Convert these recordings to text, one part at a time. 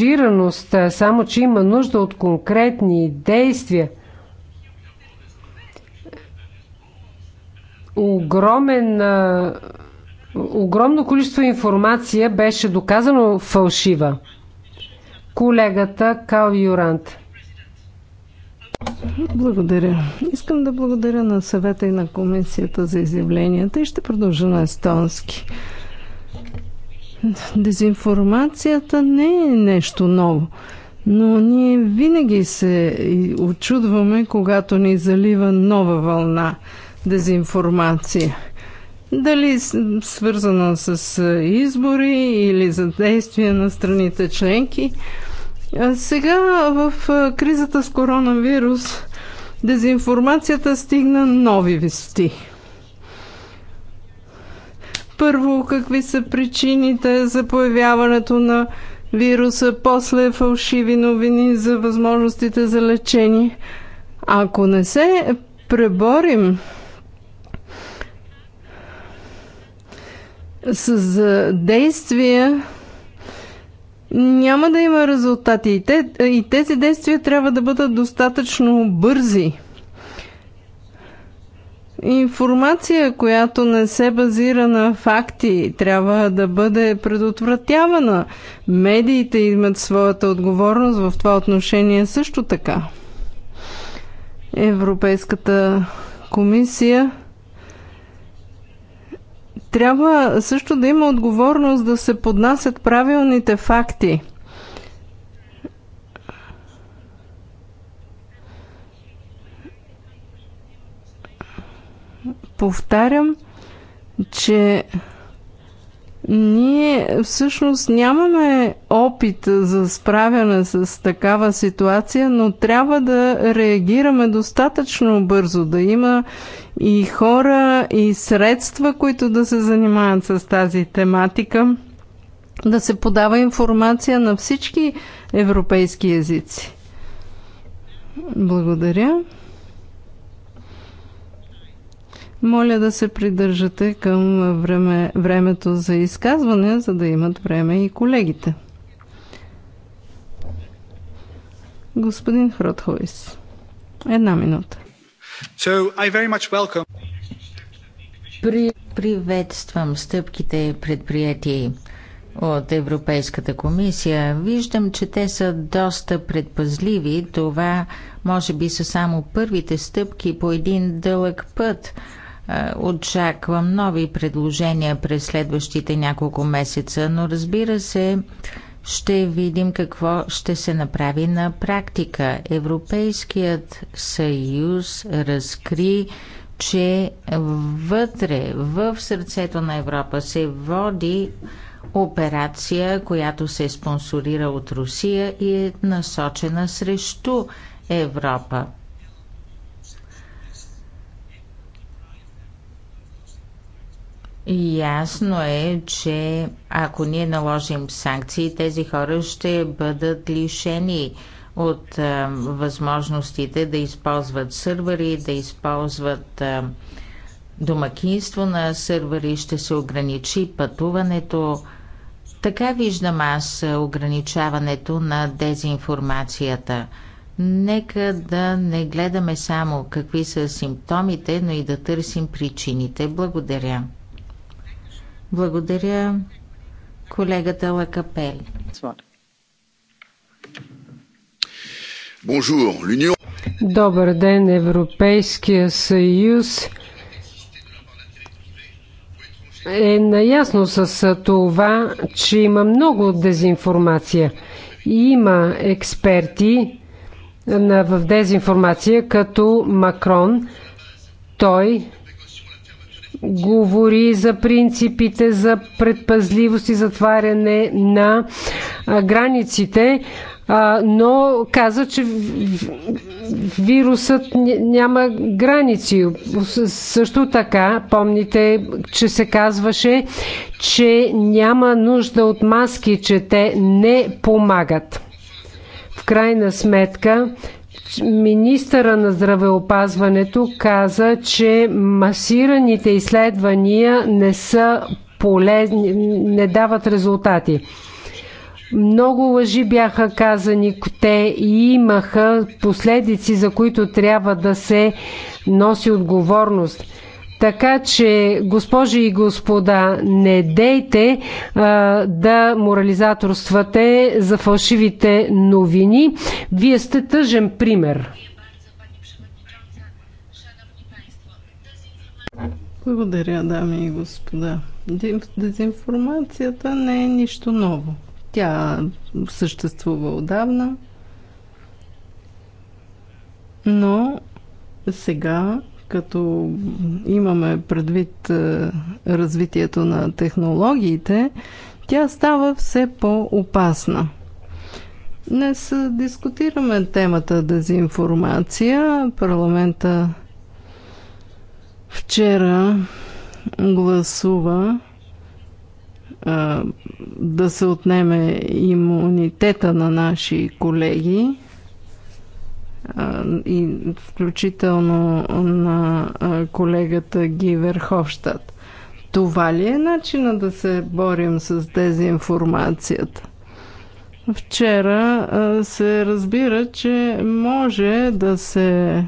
ангажираност, само че има нужда от конкретни действия. Огромен, огромно количество информация беше доказано фалшива. Колегата Кал Юрант. Благодаря. Искам да благодаря на съвета и на комисията за изявленията и ще продължа на естонски. Дезинформацията не е нещо ново, но ние винаги се очудваме, когато ни залива нова вълна дезинформация. Дали свързана с избори или за действия на страните членки. А сега в кризата с коронавирус дезинформацията стигна нови вести. Първо, какви са причините за появяването на вируса, после фалшиви новини за възможностите за лечение. Ако не се преборим с действия, няма да има резултати. И, и тези действия трябва да бъдат достатъчно бързи информация, която не се базира на факти, трябва да бъде предотвратявана. Медиите имат своята отговорност в това отношение също така. Европейската комисия трябва също да има отговорност да се поднасят правилните факти – повтарям, че ние всъщност нямаме опит за справяне с такава ситуация, но трябва да реагираме достатъчно бързо, да има и хора, и средства, които да се занимават с тази тематика, да се подава информация на всички европейски езици. Благодаря. Моля да се придържате към време, времето за изказване, за да имат време и колегите. Господин Хротхойс, една минута. So, I very much welcome... При... Приветствам стъпките предприяти от Европейската комисия. Виждам, че те са доста предпазливи. Това може би са само първите стъпки по един дълъг път – е, очаквам нови предложения през следващите няколко месеца, но разбира се, ще видим какво ще се направи на практика. Европейският съюз разкри, че вътре, в сърцето на Европа се води операция, която се спонсорира от Русия и е насочена срещу Европа. Ясно е, че ако ние наложим санкции, тези хора ще бъдат лишени от а, възможностите да използват сървъри, да използват а, домакинство на сървъри, ще се ограничи пътуването. Така виждам аз ограничаването на дезинформацията. Нека да не гледаме само какви са симптомите, но и да търсим причините. Благодаря. Благодаря колегата Лакапел. Добър ден, Европейския съюз е наясно с това, че има много дезинформация. Има експерти в дезинформация, като Макрон. Той говори за принципите за предпазливост и затваряне на границите, но каза, че вирусът няма граници. Също така, помните, че се казваше, че няма нужда от маски, че те не помагат. В крайна сметка, Министъра на здравеопазването каза, че масираните изследвания не са полезни, не дават резултати. Много лъжи бяха казани, те имаха последици, за които трябва да се носи отговорност. Така че, госпожи и господа, не дейте а, да морализаторствате за фалшивите новини. Вие сте тъжен пример. Благодаря, дами и господа. Дезинформацията не е нищо ново. Тя съществува отдавна, но сега като имаме предвид е, развитието на технологиите, тя става все по-опасна. Днес е, дискутираме темата дезинформация. Парламента вчера гласува е, да се отнеме имунитета на наши колеги и включително на колегата Ги Верховщад. Това ли е начина да се борим с дезинформацията? Вчера се разбира, че може да се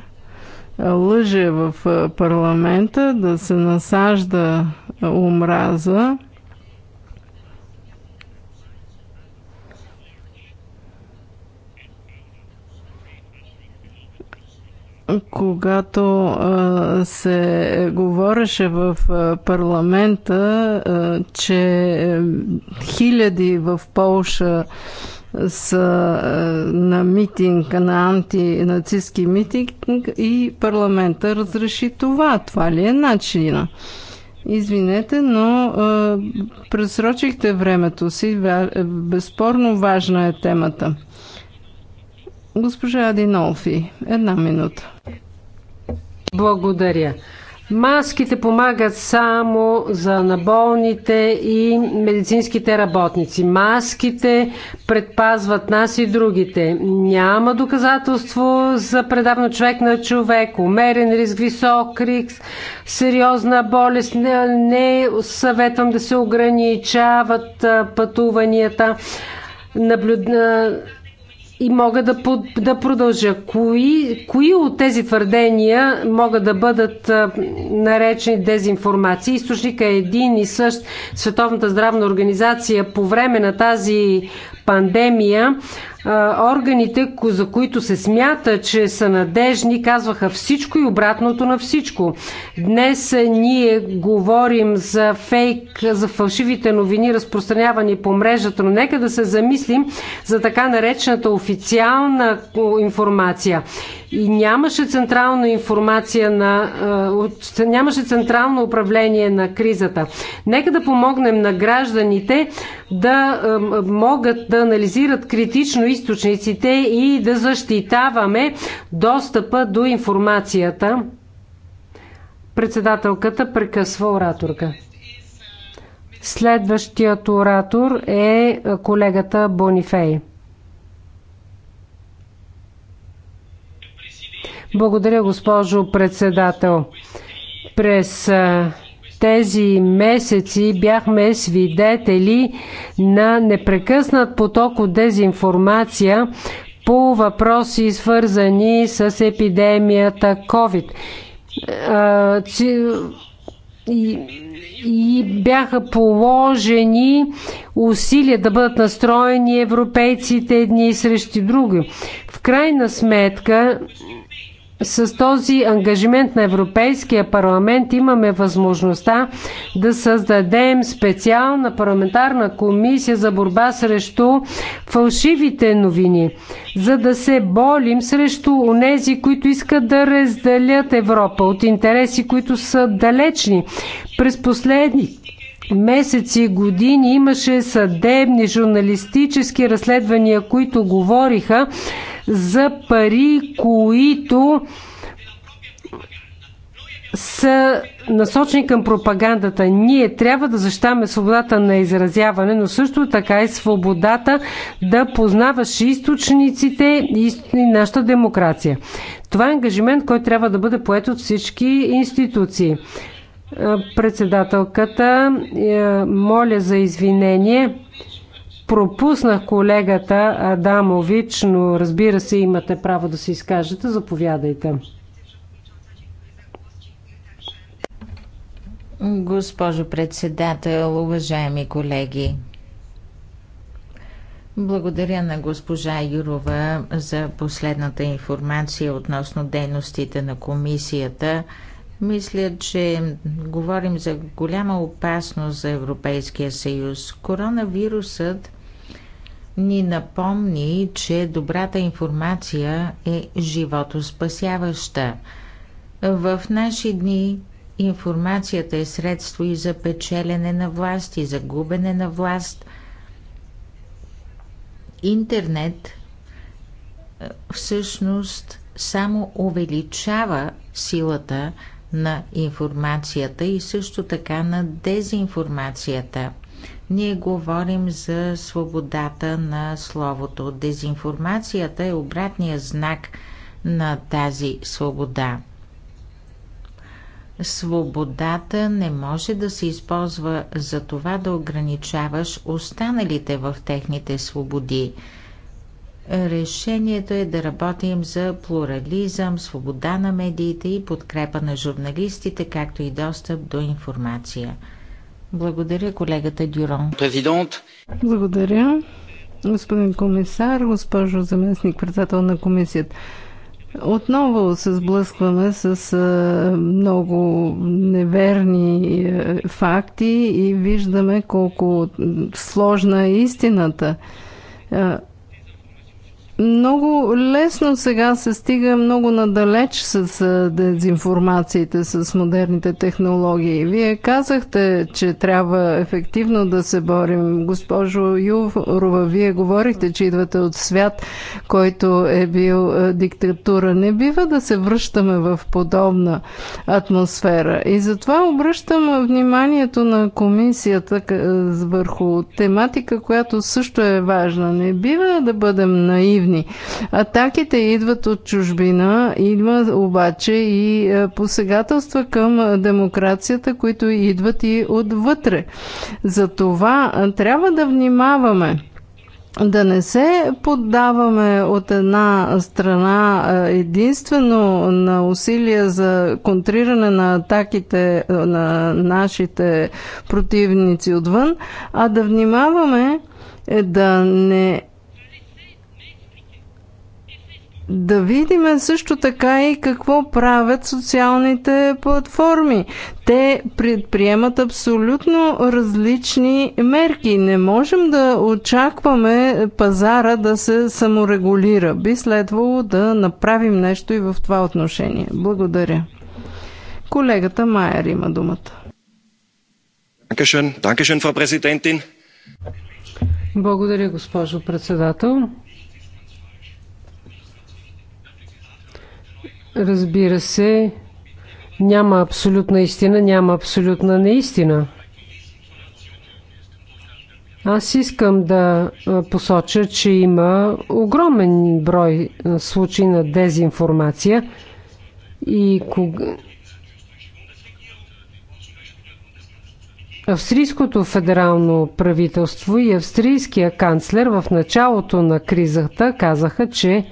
лъже в парламента, да се насажда омраза. когато а, се говореше в парламента, а, че е, хиляди в Полша са а, на митинг, на антинацистски митинг и парламента разреши това. Това ли е начина? Извинете, но а, пресрочихте времето си. Безспорно важна е темата. Госпожа Адинолфи, една минута. Благодаря. Маските помагат само за наболните и медицинските работници. Маските предпазват нас и другите. Няма доказателство за предавно човек на човек. Умерен риск, висок риск, сериозна болест. Не, не съветвам да се ограничават пътуванията. Наблюдна и мога да, да продължа. Кои, кои от тези твърдения могат да бъдат наречени дезинформации? Източника е един и същ. Световната здравна организация по време на тази пандемия органите, за които се смята, че са надежни, казваха всичко и обратното на всичко. Днес е, ние говорим за фейк, за фалшивите новини, разпространявани по мрежата, но нека да се замислим за така наречената официална информация и нямаше централна информация на, нямаше централно управление на кризата. Нека да помогнем на гражданите да могат да анализират критично източниците и да защитаваме достъпа до информацията. Председателката прекъсва ораторка. Следващият оратор е колегата Бонифей. Благодаря, госпожо председател. През тези месеци бяхме свидетели на непрекъснат поток от дезинформация по въпроси, свързани с епидемията COVID. И, бяха положени усилия да бъдат настроени европейците едни срещу други. В крайна сметка с този ангажимент на Европейския парламент имаме възможността да създадем специална парламентарна комисия за борба срещу фалшивите новини, за да се болим срещу онези, които искат да разделят Европа от интереси, които са далечни. През последните месеци, години имаше съдебни, журналистически разследвания, които говориха за пари, които са насочени към пропагандата. Ние трябва да защитаваме свободата на изразяване, но също така и свободата да познаваш източниците и нашата демокрация. Това е ангажимент, който трябва да бъде поет от всички институции. Председателката, е, моля за извинение. Пропуснах колегата Адамович, но разбира се, имате право да се изкажете. Заповядайте. Госпожо председател, уважаеми колеги, благодаря на госпожа Юрова за последната информация относно дейностите на комисията – мисля, че говорим за голяма опасност за Европейския съюз. Коронавирусът ни напомни, че добрата информация е животоспасяваща. В наши дни информацията е средство и за печелене на власт, и за губене на власт. Интернет е, всъщност само увеличава силата на информацията и също така на дезинформацията. Ние говорим за свободата на словото. Дезинформацията е обратния знак на тази свобода. Свободата не може да се използва за това да ограничаваш останалите в техните свободи. Решението е да работим за плурализъм, свобода на медиите и подкрепа на журналистите, както и достъп до информация. Благодаря колегата Дюрон. Президент. Благодаря. Господин комисар, госпожо заместник председател на комисията. Отново се сблъскваме с много неверни факти и виждаме колко сложна е истината много лесно сега се стига много надалеч с дезинформациите, с модерните технологии. Вие казахте, че трябва ефективно да се борим. Госпожо Юрова, вие говорихте, че идвате от свят, който е бил е, диктатура. Не бива да се връщаме в подобна атмосфера. И затова обръщам вниманието на комисията е, върху тематика, която също е важна. Не бива да бъдем наивни ефективни. Атаките идват от чужбина, има обаче и е, посегателства към демокрацията, които идват и отвътре. За това е, трябва да внимаваме да не се поддаваме от една страна е, единствено на усилия за контриране на атаките на нашите противници отвън, а да внимаваме да не да видим също така и какво правят социалните платформи. Те предприемат абсолютно различни мерки. Не можем да очакваме пазара да се саморегулира. Би следвало да направим нещо и в това отношение. Благодаря. Колегата Майер има думата. Благодаря, госпожо председател. Разбира се, няма абсолютна истина, няма абсолютна неистина. Аз искам да посоча, че има огромен брой случаи на дезинформация и кога... Австрийското федерално правителство и австрийския канцлер в началото на кризата казаха, че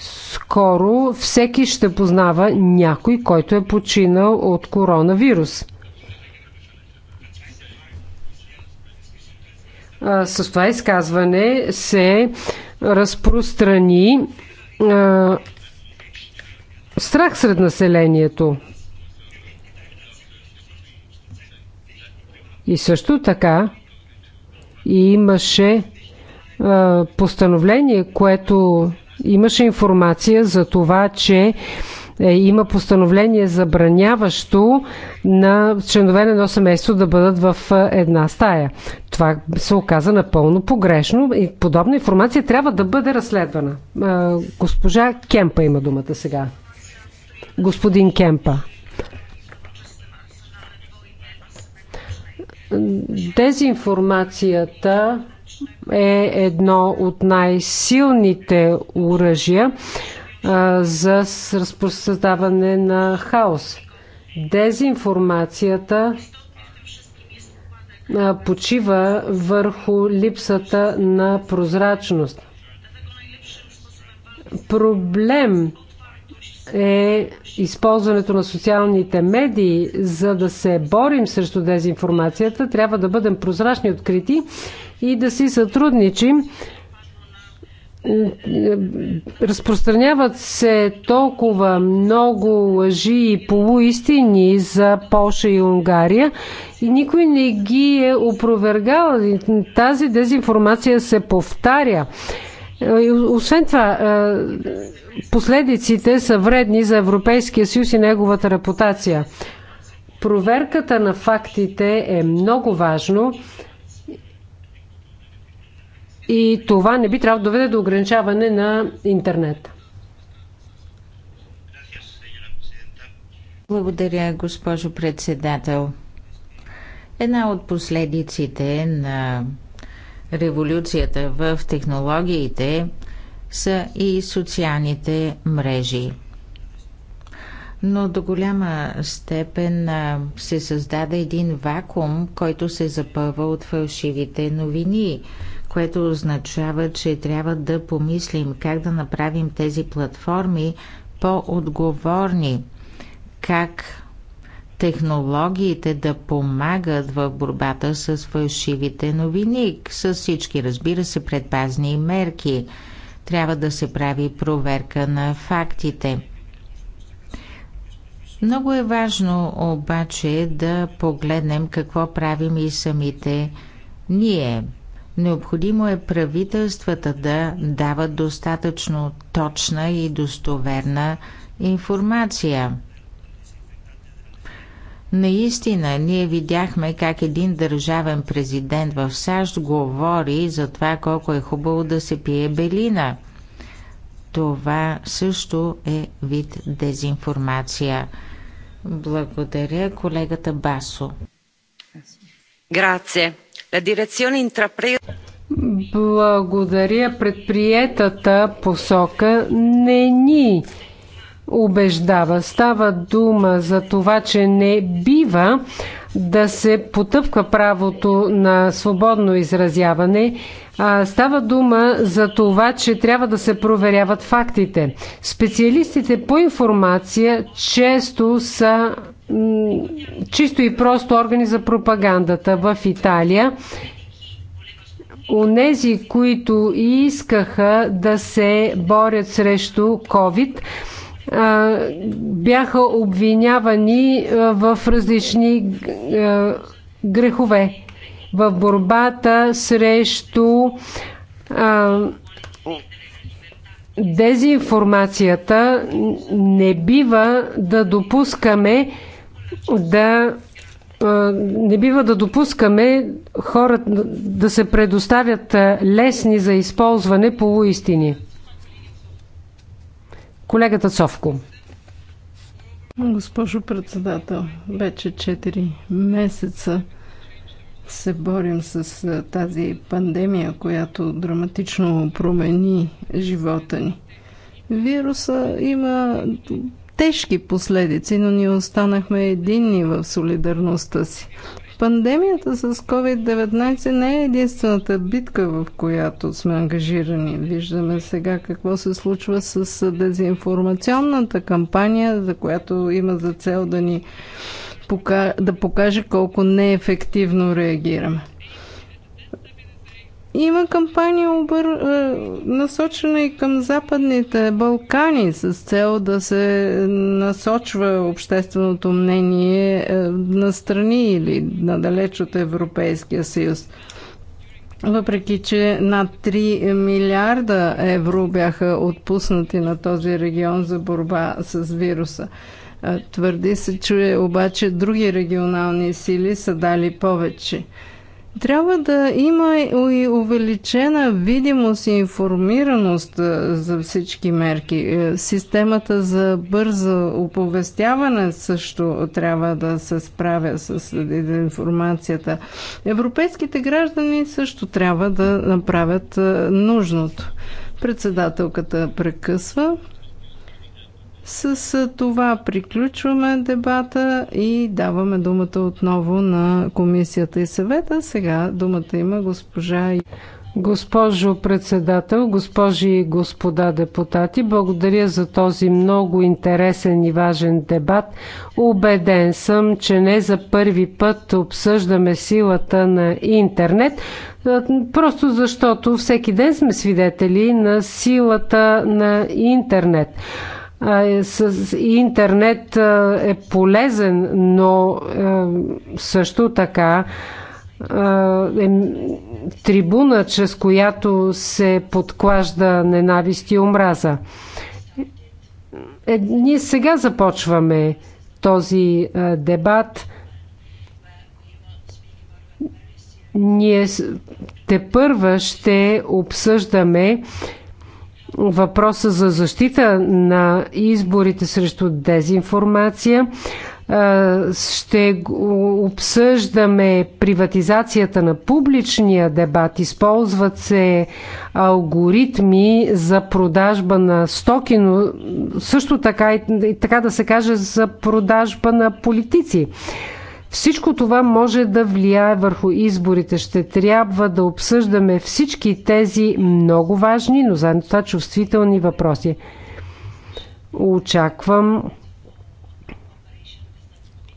скоро всеки ще познава някой, който е починал от коронавирус. С това изказване се разпространи а, страх сред населението. И също така имаше а, постановление, което имаше информация за това, че е, има постановление забраняващо на членове на едно семейство да бъдат в е, една стая. Това се оказа напълно погрешно и подобна информация трябва да бъде разследвана. Е, госпожа Кемпа има думата сега. Господин Кемпа. Дезинформацията е едно от най-силните оръжия за разпространяване на хаос. Дезинформацията почива върху липсата на прозрачност. Проблем е използването на социалните медии, за да се борим срещу дезинформацията, трябва да бъдем прозрачни, открити и да си сътрудничим. Разпространяват се толкова много лъжи и полуистини за Польша и Унгария и никой не ги е опровергал. Тази дезинформация се повтаря. Освен това, е, последиците са вредни за Европейския съюз и неговата репутация. Проверката на фактите е много важно. И това не би трябвало да доведе до ограничаване на интернет. Благодаря, госпожо председател. Една от последиците на революцията в технологиите са и социалните мрежи. Но до голяма степен се създаде един вакуум, който се запълва от фалшивите новини – което означава, че трябва да помислим как да направим тези платформи по-отговорни, как технологиите да помагат в борбата с фалшивите новини, с всички, разбира се, предпазни мерки. Трябва да се прави проверка на фактите. Много е важно обаче да погледнем какво правим и самите ние – Необходимо е правителствата да дават достатъчно точна и достоверна информация. Наистина, ние видяхме как един държавен президент в САЩ говори за това колко е хубаво да се пие белина. Това също е вид дезинформация. Благодаря колегата Басо. Грация. La direzione intrapresa благодаря предприетата посока не ни убеждава. Става дума за това, че не бива да се потъпка правото на свободно изразяване. става дума за това, че трябва да се проверяват фактите. Специалистите по информация често са чисто и просто органи за пропагандата в Италия Онези, които искаха да се борят срещу COVID, бяха обвинявани в различни грехове. В борбата срещу дезинформацията не бива да допускаме да не бива да допускаме хората да се предоставят лесни за използване полуистини. Колегата Цовко. Госпожо председател, вече 4 месеца се борим с тази пандемия, която драматично промени живота ни. Вируса има тежки последици, но ние останахме единни в солидарността си. Пандемията с COVID-19 не е единствената битка, в която сме ангажирани. Виждаме сега какво се случва с дезинформационната кампания, за която има за цел да ни да покаже колко неефективно реагираме. Има кампания обър... Е, насочена и към Западните Балкани с цел да се насочва общественото мнение е, на страни или надалеч от Европейския съюз. Въпреки, че над 3 милиарда евро бяха отпуснати на този регион за борба с вируса. Е, твърди се, че обаче други регионални сили са дали повече. Трябва да има и увеличена видимост и информираност за всички мерки. Е, системата за бързо оповестяване също трябва да се справя с информацията. Европейските граждани също трябва да направят нужното. Председателката прекъсва. С това приключваме дебата и даваме думата отново на комисията и съвета. Сега думата има госпожа Госпожо председател, госпожи и господа депутати, благодаря за този много интересен и важен дебат. Обеден съм, че не за първи път обсъждаме силата на интернет, просто защото всеки ден сме свидетели на силата на интернет. Е, с интернет е полезен, но е, също така е трибуна, чрез която се подклажда ненавист и омраза. Е, ние сега започваме този дебат. Ние те първа ще обсъждаме въпроса за защита на изборите срещу дезинформация. Е, ще обсъждаме приватизацията на публичния дебат. Използват се алгоритми за продажба на стоки, но също така и така да се каже за продажба на политици. Всичко това може да влияе върху изборите. Ще трябва да обсъждаме всички тези много важни, но заедно това чувствителни въпроси. Очаквам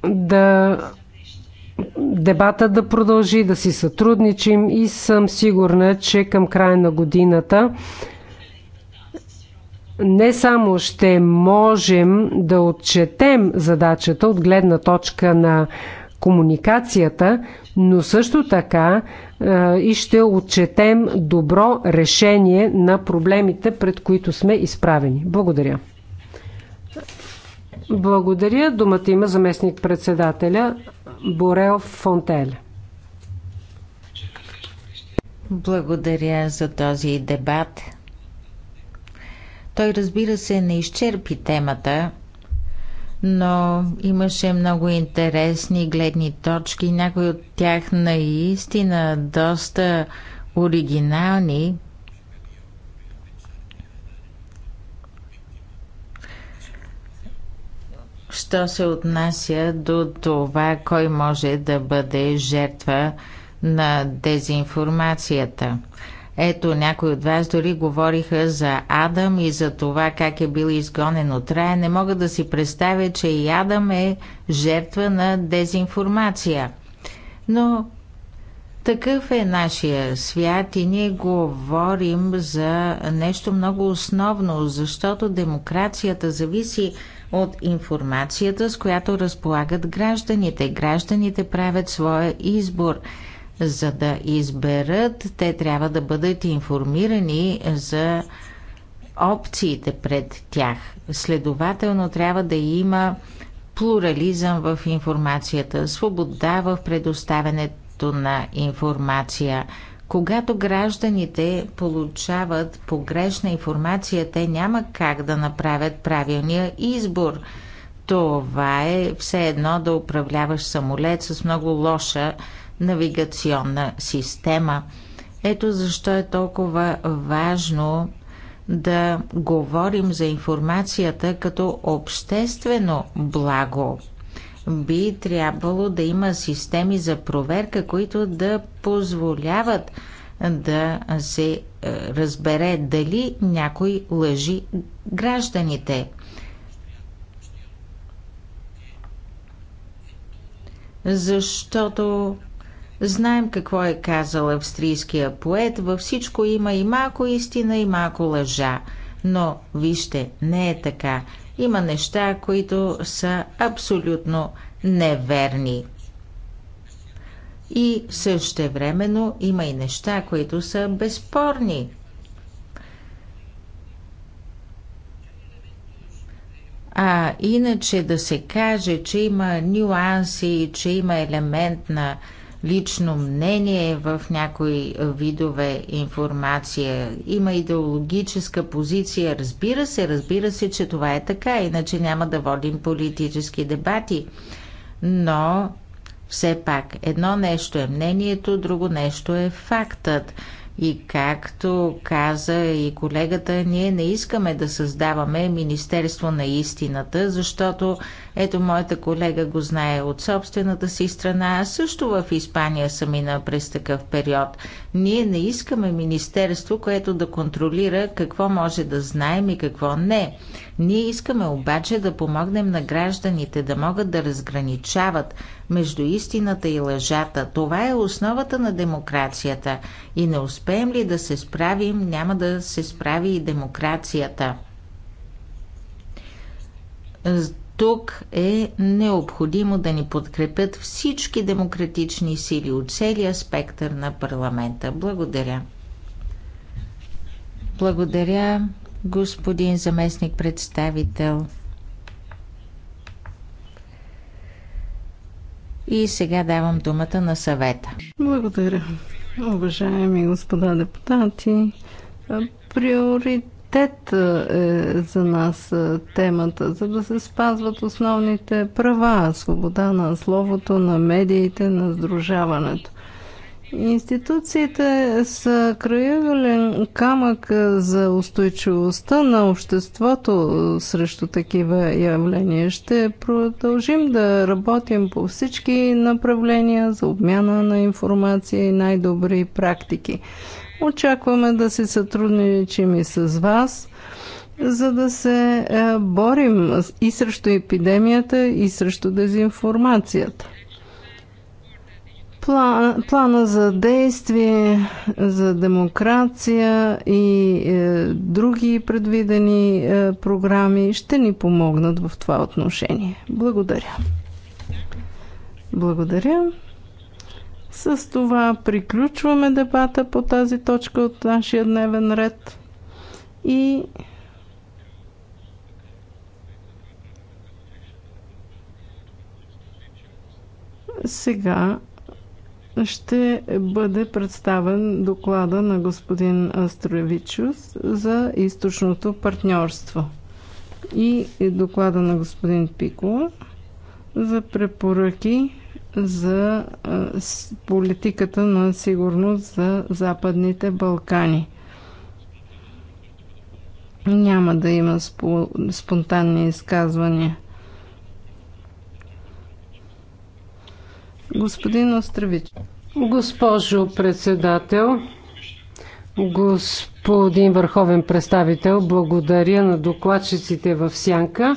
да дебата да продължи, да си сътрудничим и съм сигурна, че към края на годината не само ще можем да отчетем задачата от гледна точка на комуникацията, но също така а, и ще отчетем добро решение на проблемите, пред които сме изправени. Благодаря. Благодаря. Думата има заместник председателя Борел Фонтеле. Благодаря за този дебат. Той разбира се не изчерпи темата, но имаше много интересни гледни точки, някои от тях наистина доста оригинални. Що се отнася до това, кой може да бъде жертва на дезинформацията – ето, някои от вас дори говориха за Адам и за това как е бил изгонен от рая. Не мога да си представя, че и Адам е жертва на дезинформация. Но такъв е нашия свят и ние говорим за нещо много основно, защото демокрацията зависи от информацията, с която разполагат гражданите. Гражданите правят своя избор – за да изберат, те трябва да бъдат информирани за опциите пред тях. Следователно трябва да има плурализъм в информацията, свобода в предоставянето на информация. Когато гражданите получават погрешна информация, те няма как да направят правилния избор. Това е все едно да управляваш самолет с много лоша навигационна система. Ето защо е толкова важно да говорим за информацията като обществено благо. Би трябвало да има системи за проверка, които да позволяват да се е, разбере дали някой лъжи гражданите. Защото Знаем какво е казал австрийския поет. Във всичко има и малко истина, и малко лъжа. Но, вижте, не е така. Има неща, които са абсолютно неверни. И също времено има и неща, които са безспорни. А иначе да се каже, че има нюанси, че има елемент на лично мнение в някои видове информация. Има идеологическа позиция. Разбира се, разбира се, че това е така, иначе няма да водим политически дебати. Но все пак, едно нещо е мнението, друго нещо е фактът. И както каза и колегата, ние не искаме да създаваме Министерство на истината, защото ето, моята колега го знае от собствената си страна, а също в Испания съм мина през такъв период. Ние не искаме министерство, което да контролира какво може да знаем и какво не. Ние искаме обаче да помогнем на гражданите да могат да разграничават между истината и лъжата. Това е основата на демокрацията. И не успеем ли да се справим, няма да се справи и демокрацията тук е необходимо да ни подкрепят всички демократични сили от целия спектър на парламента. Благодаря. Благодаря, господин заместник представител. И сега давам думата на съвета. Благодаря. Уважаеми господа депутати, приоритет приоритет е за нас е, темата, за да се спазват основните права, свобода на словото, на медиите, на сдружаването. Институциите са краявелен камък е, за устойчивостта на обществото е, срещу такива явления. Ще продължим да работим по всички направления за обмяна на информация и най-добри практики. Очакваме да се сътрудничим и с вас, за да се е, борим и срещу епидемията, и срещу дезинформацията. плана за действие, за демокрация и е, други предвидени е, програми ще ни помогнат в това отношение. Благодаря. Благодаря. С това приключваме дебата по тази точка от нашия дневен ред и сега ще бъде представен доклада на господин Астровичус за източното партньорство и доклада на господин Пико за препоръки за политиката на сигурност за Западните Балкани. Няма да има спонтанни изказвания. Господин Остравич. Госпожо председател, господин върховен представител, благодаря на докладчиците в Сянка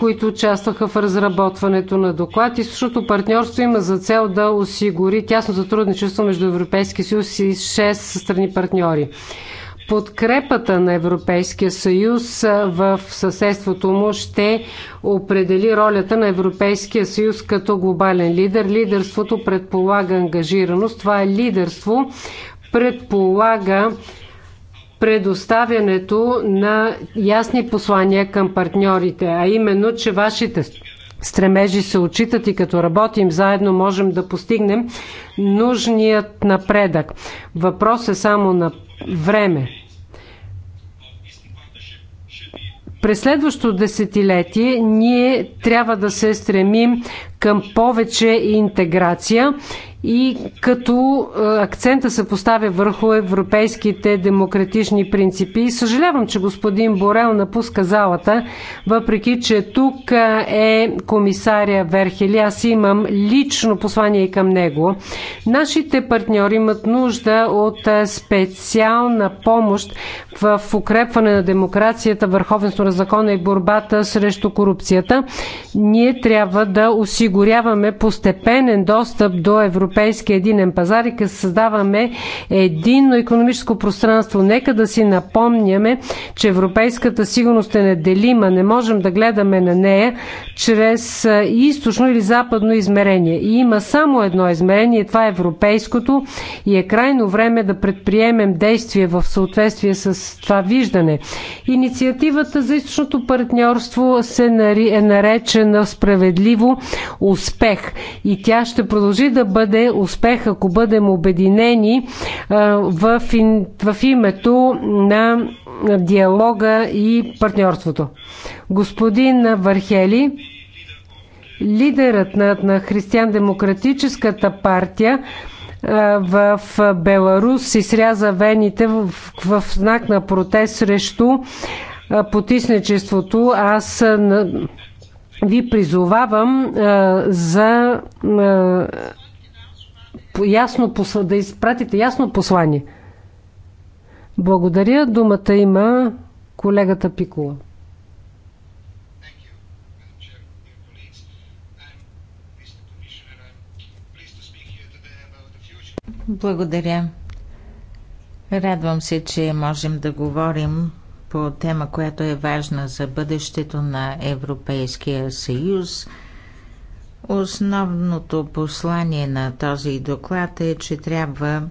които участваха в разработването на доклад. Източното партньорство има за цел да осигури тясно сътрудничество между Европейския съюз и 6 страни партньори. Подкрепата на Европейския съюз в съседството му ще определи ролята на Европейския съюз като глобален лидер. Лидерството предполага ангажираност. Това е лидерство предполага предоставянето на ясни послания към партньорите, а именно, че вашите стремежи се отчитат и като работим заедно можем да постигнем нужният напредък. Въпрос е само на време. През следващото десетилетие ние трябва да се стремим към повече интеграция и като е, акцента се поставя върху европейските демократични принципи. Съжалявам, че господин Борел напуска залата, въпреки че тук е, е комисаря Верхели. Аз имам лично послание към него. Нашите партньори имат нужда от е, специална помощ в укрепване на демокрацията, върховенство на закона и борбата срещу корупцията. Ние трябва да осигуряваме постепенен достъп до европейските европейски единен пазар и като създаваме единно економическо пространство. Нека да си напомняме, че европейската сигурност е неделима. Не можем да гледаме на нея чрез източно или западно измерение. И има само едно измерение, това е европейското и е крайно време да предприемем действия в съответствие с това виждане. Инициативата за източното партньорство се е наречена справедливо успех и тя ще продължи да бъде бъде успех, ако бъдем обединени в, в името на диалога и партньорството. Господин Вархели, лидерът на, на Християн-демократическата партия в Беларус си сряза вените в, в знак на протест срещу потисничеството. Аз ви призовавам а, за а, ясно, да изпратите ясно послание. Благодаря. Думата има колегата Пикула. Благодаря. Радвам се, че можем да говорим по тема, която е важна за бъдещето на Европейския съюз – Основното послание на този доклад е, че трябва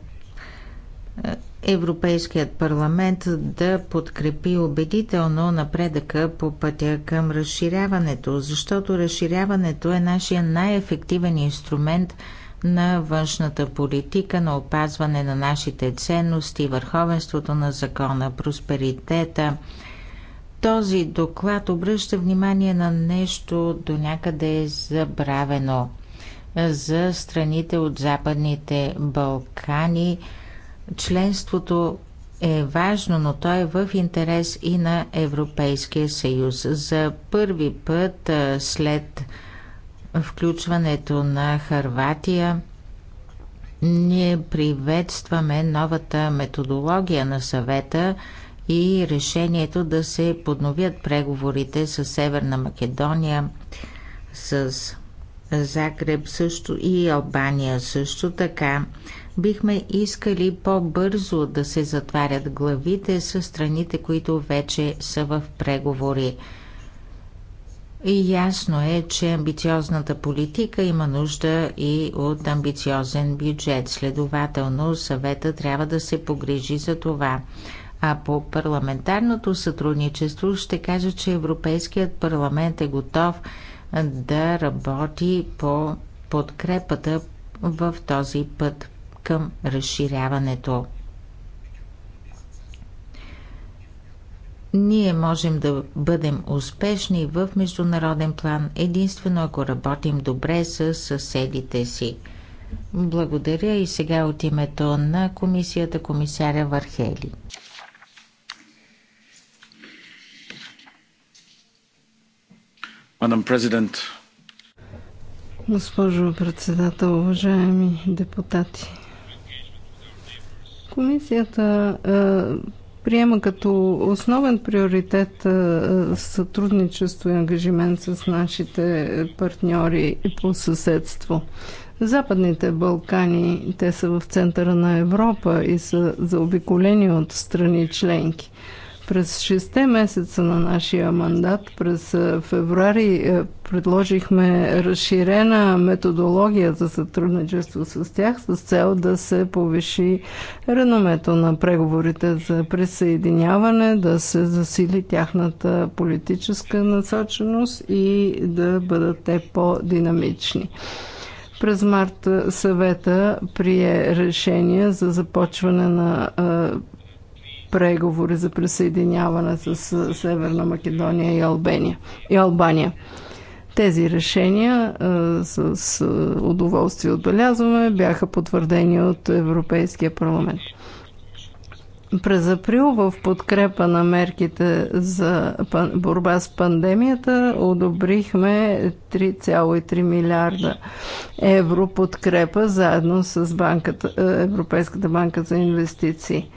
е, Европейският парламент да подкрепи убедително напредъка по пътя към разширяването, защото разширяването е нашия най-ефективен инструмент на външната политика, на опазване на нашите ценности, върховенството на закона, просперитета – този доклад обръща внимание на нещо до някъде забравено за страните от Западните Балкани. Членството е важно, но то е в интерес и на Европейския съюз. За първи път след включването на Харватия ние приветстваме новата методология на съвета – и решението да се подновят преговорите с Северна Македония, с Загреб също и Албания също така. Бихме искали по-бързо да се затварят главите с страните, които вече са в преговори. И ясно е, че амбициозната политика има нужда и от амбициозен бюджет. Следователно, съвета трябва да се погрижи за това. А по парламентарното сътрудничество ще кажа, че Европейският парламент е готов да работи по подкрепата в този път към разширяването. Ние можем да бъдем успешни в международен план единствено ако работим добре с съседите си. Благодаря и сега от името на комисията комисаря Вархели. Госпожо председател, уважаеми депутати. Комисията е, приема като основен приоритет е, сътрудничество и ангажимент с нашите партньори по съседство. Западните Балкани, те са в центъра на Европа и са заобиколени от страни членки – през 6 месеца на нашия мандат, през е, февруари, е, предложихме разширена методология за сътрудничество с тях с цел да се повиши реномето на преговорите за присъединяване, да се засили тяхната политическа насоченост и да бъдат те по-динамични. През март е, съвета прие решение за започване на преговори за присъединяване с Северна Македония и Албания. И Албания. Тези решения с удоволствие отбелязваме бяха потвърдени от Европейския парламент. През април в подкрепа на мерките за борба с пандемията одобрихме 3,3 милиарда евро подкрепа заедно с банката, Европейската банка за инвестиции.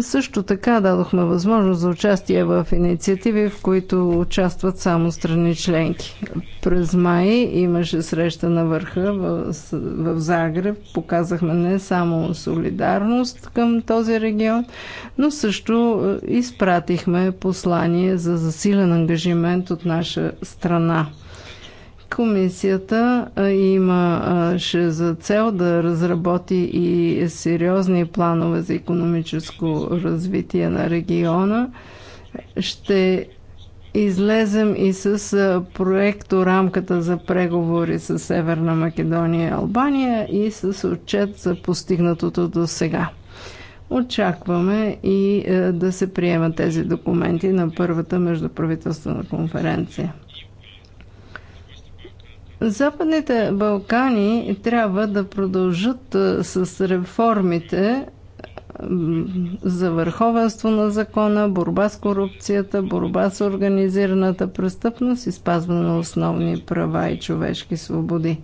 Също така дадохме възможност за участие в инициативи, в които участват само страни членки. През май имаше среща на върха в, в Загреб. Показахме не само солидарност към този регион, но също е, изпратихме послание за засилен ангажимент от наша страна. Комисията имаше за цел да разработи и сериозни планове за економическо развитие на региона. Ще излезем и с проекто рамката за преговори с Северна Македония и Албания и с отчет за постигнатото до сега. Очакваме и да се приемат тези документи на първата междуправителствена конференция. Западните Балкани трябва да продължат с реформите за върховенство на закона, борба с корупцията, борба с организираната престъпност и спазване на основни права и човешки свободи.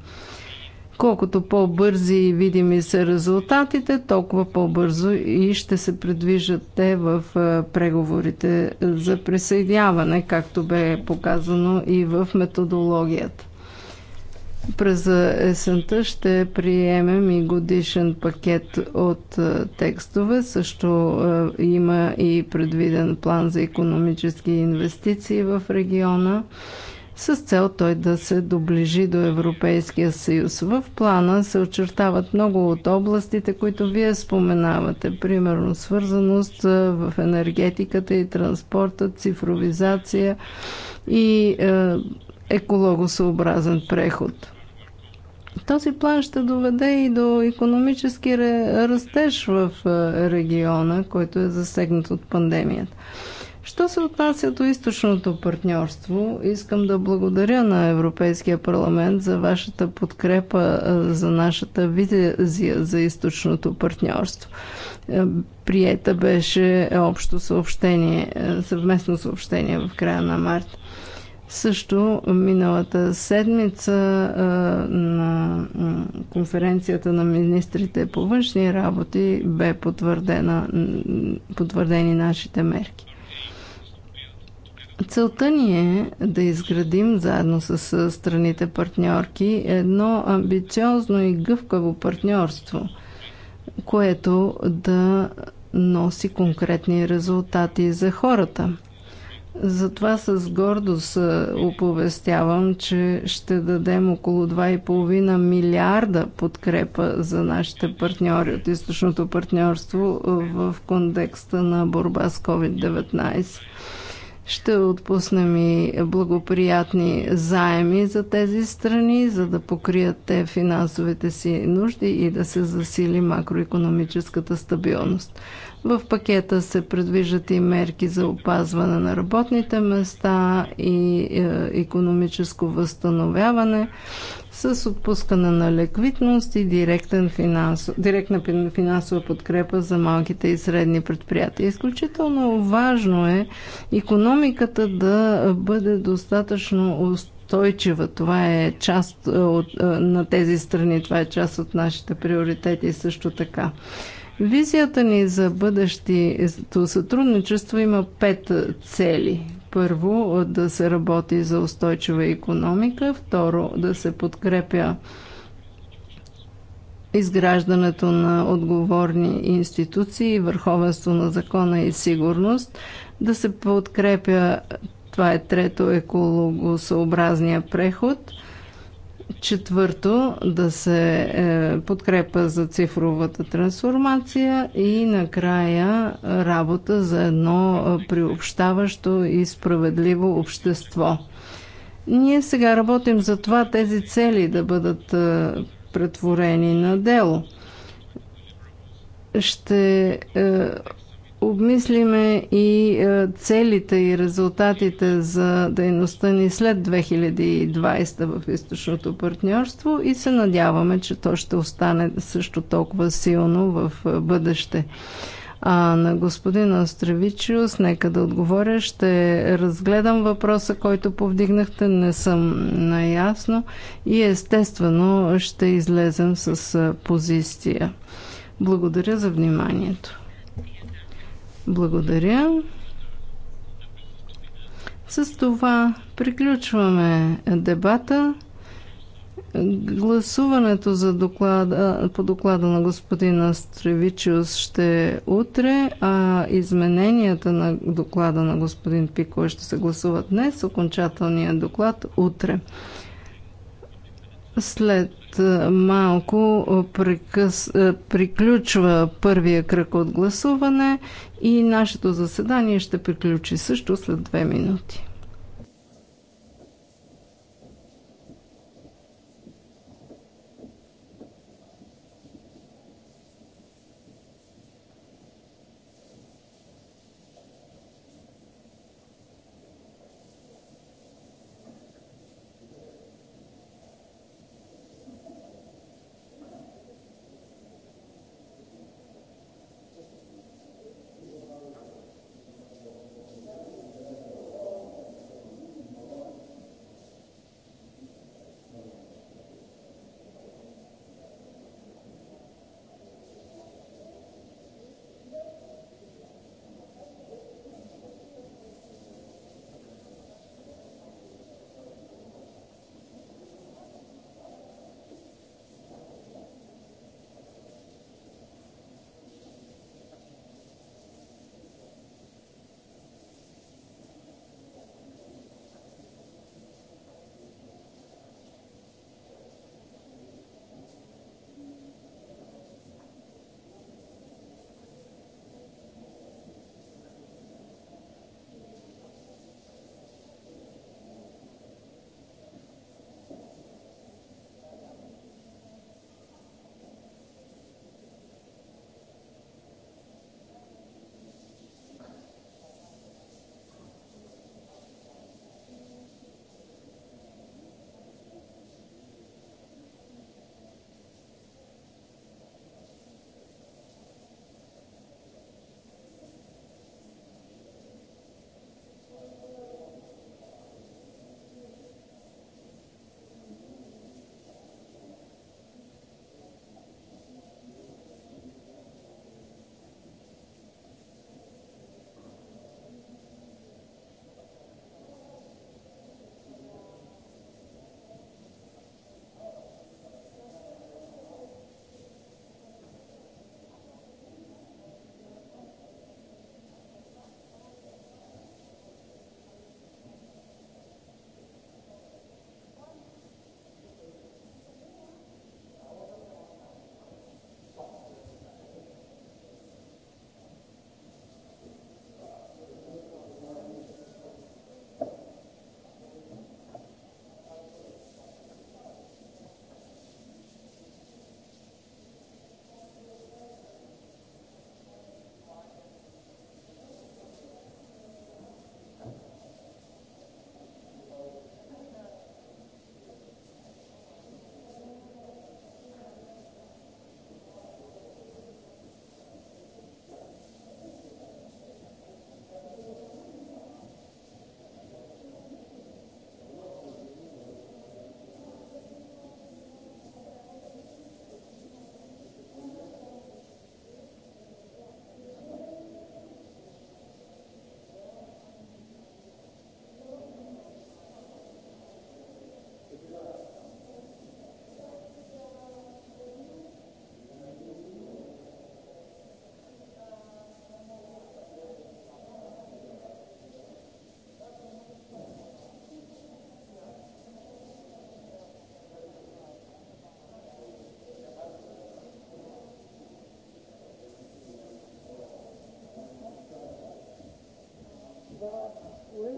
Колкото по-бързи и видими са резултатите, толкова по-бързо и ще се предвижат те в преговорите за присъединяване, както бе показано и в методологията. През есента ще приемем и годишен пакет от е, текстове. Също е, има и предвиден план за економически инвестиции в региона с цел той да се доближи до Европейския съюз. В плана се очертават много от областите, които вие споменавате, примерно свързаност е, в енергетиката и транспорта, цифровизация и екологосъобразен преход. Този план ще доведе и до економически растеж в е, региона, който е засегнат от пандемията. Що се отнася до източното партньорство, искам да благодаря на Европейския парламент за вашата подкрепа е, за нашата визия за източното партньорство. Е, приета беше общо съобщение, съвместно съобщение в края на март. Също миналата седмица на конференцията на министрите по външни работи бе потвърдена, потвърдени нашите мерки. Целта ни е да изградим заедно с страните партньорки едно амбициозно и гъвкаво партньорство, което да носи конкретни резултати за хората – затова с гордост оповестявам, че ще дадем около 2,5 милиарда подкрепа за нашите партньори от източното партньорство в контекста на борба с COVID-19. Ще отпуснем и благоприятни заеми за тези страни, за да покрият те финансовите си нужди и да се засили макроекономическата стабилност. В пакета се предвиждат и мерки за опазване на работните места и економическо възстановяване с отпускане на ликвидност и директен финансов, директна финансова подкрепа за малките и средни предприятия. Изключително важно е економиката да бъде достатъчно устойчива. Това е част е, от, е, на тези страни, това е част от нашите приоритети също така. Визията ни за бъдещето сътрудничество има пет цели. Първо, да се работи за устойчива економика. Второ, да се подкрепя изграждането на отговорни институции, върховенство на закона и сигурност, да се подкрепя, това е трето, екологосъобразния преход – Четвърто, да се е, подкрепа за цифровата трансформация и накрая работа за едно е, приобщаващо и справедливо общество. Ние сега работим за това тези цели да бъдат е, претворени на дело. Ще е, обмислиме и е, целите и резултатите за дейността ни след 2020 в източното партньорство и се надяваме, че то ще остане също толкова силно в е, бъдеще. А на господин Остревичиус, нека да отговоря, ще разгледам въпроса, който повдигнахте, не съм наясно и естествено ще излезем с е, позиция. Благодаря за вниманието. Благодаря. С това приключваме дебата. Гласуването за доклада, по доклада на господина Стревичиус ще е утре, а измененията на доклада на господин Пико ще се гласуват днес, окончателният доклад утре. След е, малко е, прекъс... Е, приключва първия кръг от гласуване и нашето заседание ще приключи също след две минути.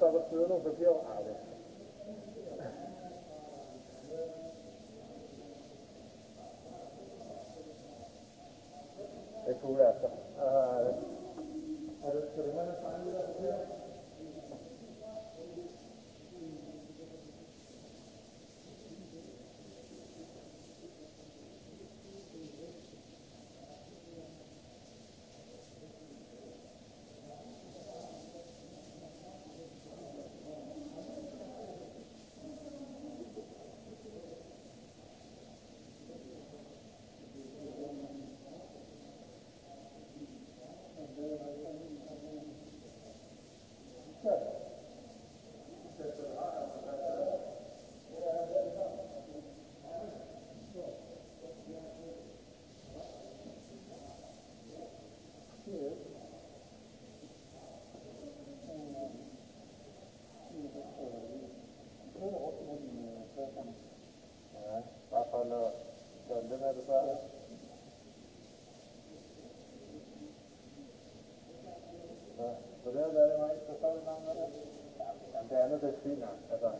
Sabbath through and over, Gil. Sterne der Spinat, altså